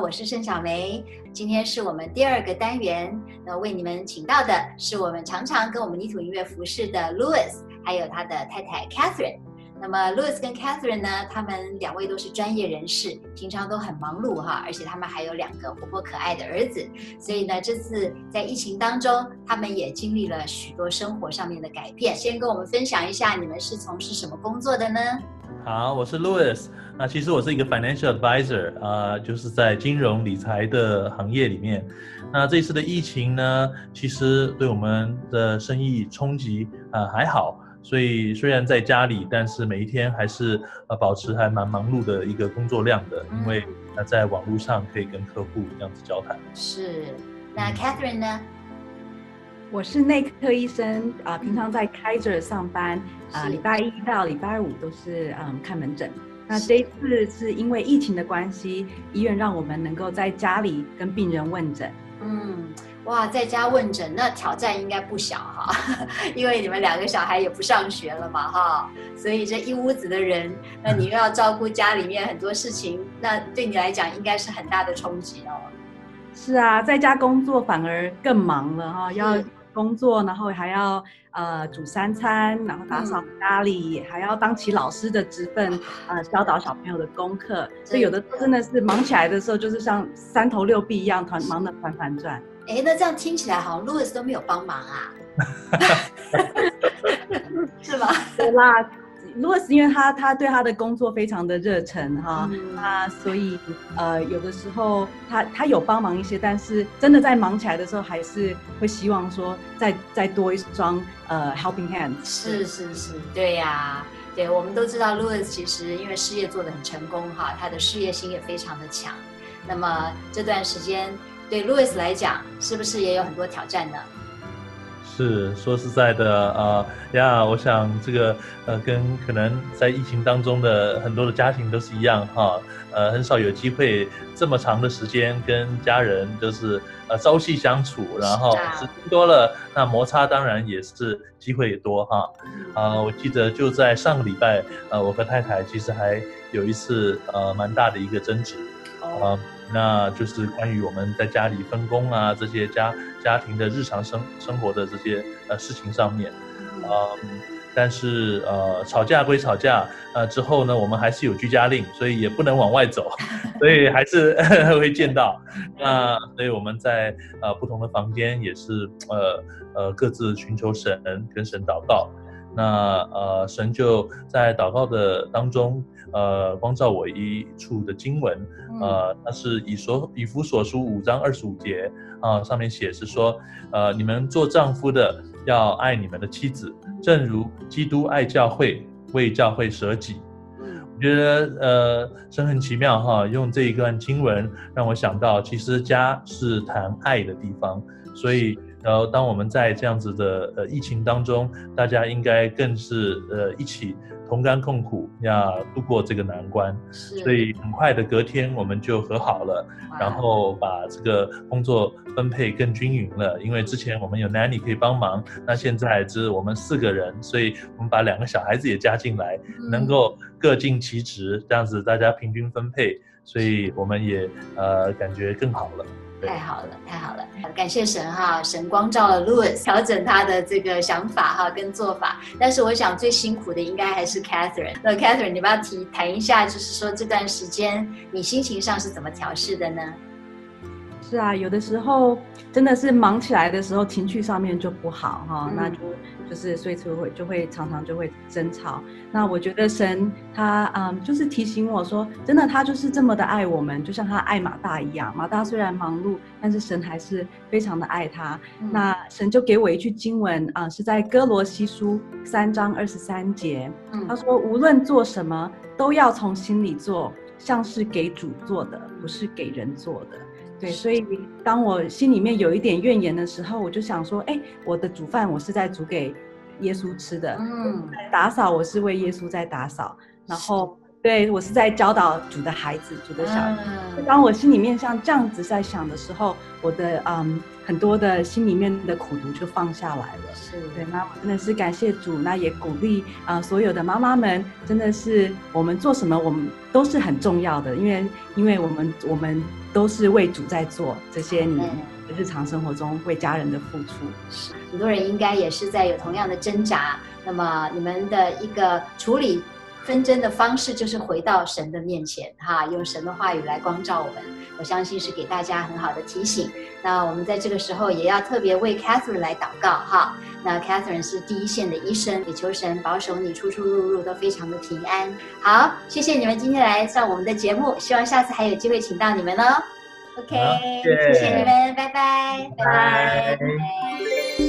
我是盛小梅，今天是我們第二個單元。那為你們請到的是我們常常跟我們泥土音樂服侍的 Luis，還有他的太太 Katherine。那麼 Luis 跟 Katherine 呢，他們兩位都是專業人士，平常都很忙碌哈，而且他們還有兩個活潑可愛的兒子。所以呢，這次在疫情當中，他們也經歷了許多生活上面的改變。先跟我們分享一下，你們是從事什麼工作的呢？好，我是 Luis、呃。那其實我是一個 financial advisor，啊、呃，就是在金融理財的行業裡面。那、呃、這次的疫情呢，其實對我們的生意衝擊啊、呃、還好，所以雖然在家裡，但是每一天還是呃保持還蠻忙碌的一個工作量的，嗯、因為那、呃、在網絡上可以跟客戶這樣子交談。是，那 Katherine 呢？嗯我是內科醫生啊、呃，平常在 Kaiser 上班啊，嗯呃、禮拜一到禮拜五都是嗯看門診。那這一次是因為疫情的關係，醫院讓我們能夠在家裡跟病人問診。嗯，哇，在家問診那挑戰應該不小哈、哦，因為你們兩個小孩也不上學了嘛哈、哦，所以這一屋子的人，那你又要照顧家裡面很多事情，那對你來講應該是很大的衝擊哦。是啊，在家工作反而更忙了哈、哦，要。工作，然後還要呃煮三餐，然後打掃家裡，嗯、還要當起老師的職份啊、呃、教導小朋友的功課，對所以有的真的是忙起來的時候，就是像三頭六臂一樣，團忙得團團轉。哎，那這樣聽起來好像 Luis 都沒有幫忙啊， 是嗎？對啦。Luis 因為他他對他的工作非常的熱忱哈，那、嗯啊、所以呃有的時候他他有幫忙一些，但是真的在忙起來的時候，還是會希望說再再多一雙呃 helping hands。是是是，對呀、啊，對我們都知道 Luis 其實因為事業做得很成功哈，他的事業心也非常的強。那麼這段時間對 Luis 來講，是不是也有很多挑戰呢？是說實在的啊、呃、呀，我想這個呃，跟可能在疫情當中的很多的家庭都是一樣哈，呃，很少有機會這麼長的時間跟家人就是呃朝夕相處，然後時間多了，的那摩擦當然也是機會也多哈。啊、呃，我記得就在上個禮拜，呃，我和太太其實還有一次呃蠻大的一個爭執啊。呃哦那就是關於我們在家裡分工啊，這些家家庭的日常生生活的這些呃事情上面，呃，但是呃吵架歸吵架，呃之後呢，我們還是有居家令，所以也不能往外走，所以還是 會見到。那、呃、所以我們在呃不同的房間也是呃呃各自尋求神跟神禱告。那呃，神就在禱告的當中，呃，光照我一處的經文，嗯、呃，它是以所以弗所書五章二十五節啊、呃，上面寫是說，呃，你們做丈夫的要愛你們的妻子，正如基督愛教會，為教會捨己。嗯、我覺得呃，神很奇妙哈，用這一段經文讓我想到，其實家是談愛的地方，所以。然後，當我們在這樣子的呃疫情當中，大家應該更是呃一起同甘共苦呀，要度過這個難關。的所以很快的隔天我們就和好了，哇然後把這個工作分配更均勻了。因為之前我們有 nanny 可以幫忙，那現在只有我們四個人，所以我們把兩個小孩子也加進來，嗯、能夠各盡其職，這樣子大家平均分配，所以我們也的呃感覺更好了。對太好了，太好了，感謝神哈，神光照了 Luis，調整他的這個想法哈跟做法。但是我想最辛苦的應該還是 Katherine。那了 Katherine，你不要提談一下，就是說這段時間你心情上是怎麼調試的呢？是啊，有的時候真的是忙起來的時候，情緒上面就不好哈，嗯、那就就是所以就會就會常常就會爭吵。那我覺得神他啊、嗯、就是提醒我說，真的他就是這麼的愛我們，就像他愛馬大一樣。馬大雖然忙碌，但是神還是非常的愛他。嗯、那神就給我一句經文啊、呃，是在歌羅西書三章二十三節，他說、嗯、無論做什麼都要從心裡做，像是給主做的，不是給人做的。對，所以當我心裡面有一點怨言的時候，我就想說，哎，我的煮飯我是在煮給耶穌吃的，嗯，打掃我是為耶穌在打掃，嗯、然後。對，我是在教導主的孩子，主的小。啊、當我心裡面像這樣子在想的時候，我的嗯很多的心裡面的苦毒就放下來了。是對，那我真的是感謝主，那也鼓勵啊、呃、所有的媽媽們，真的是我們做什麼我們都是很重要的，因為因為我們我們都是為主在做這些你的日常生活中為家人的付出。很多人應該也是在有同樣的掙扎，那麼你們的一個處理。紛爭的方式就是回到神的面前，哈，用神的話語來光照我們。我相信是給大家很好的提醒。那我們在這個時候也要特別為 Katherine 來禱告，哈。那 Katherine 是第一線的醫生，也求神保守你出出入入都非常的平安。好，謝謝你們今天來上我們的節目，希望下次還有機會請到你們哦。OK，, okay. 謝謝你們，拜拜，Bye. 拜拜。Bye. okay.